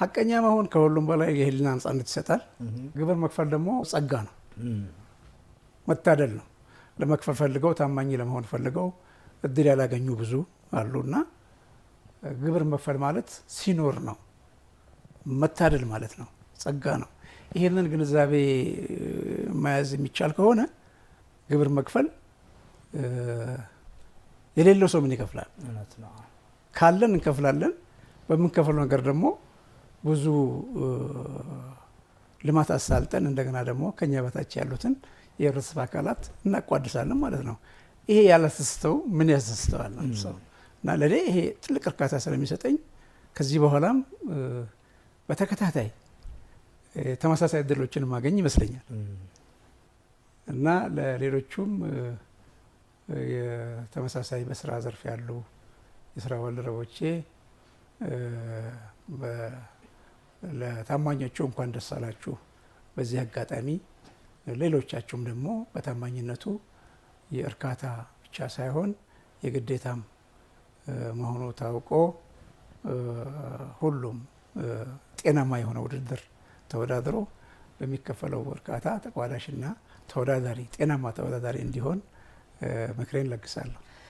ሀቀኛ መሆን ከሁሉም በላይ የህሊና ነጻነት ይሰጣል። ግብር መክፈል ደግሞ ጸጋ ነው፣ መታደል ነው። ለመክፈል ፈልገው ታማኝ ለመሆን ፈልገው እድል ያላገኙ ብዙ እና ግብር መክፈል ማለት ሲኖር ነው፣ መታደል ማለት ነው፣ ጸጋ ነው። ይህንን ግንዛቤ መያዝ የሚቻል ከሆነ ግብር መክፈል የሌለው ሰው ምን ይከፍላል? ካለን እንከፍላለን። በምንከፍለው ነገር ደግሞ ብዙ ልማት አሳልጠን እንደገና ደግሞ ከኛ በታች ያሉትን የህብረተሰብ አካላት እናቋድሳለን ማለት ነው። ይሄ ያላስስተው ምን ያስስተዋል ሰው እና ለእኔ ይሄ ትልቅ እርካታ ስለሚሰጠኝ ከዚህ በኋላም በተከታታይ ተመሳሳይ እድሎችን ማገኝ ይመስለኛል እና ለሌሎቹም የተመሳሳይ በስራ ዘርፍ ያሉ የስራ ባልደረቦቼ ለታማኞቹ እንኳን ደስ አላችሁ። በዚህ አጋጣሚ ሌሎቻችሁም ደግሞ በታማኝነቱ የእርካታ ብቻ ሳይሆን የግዴታም መሆኑ ታውቆ ሁሉም ጤናማ የሆነ ውድድር ተወዳድሮ በሚከፈለው እርካታ ተቋዳሽና ተወዳዳሪ ጤናማ ተወዳዳሪ እንዲሆን ምክሬን ለግሳለሁ።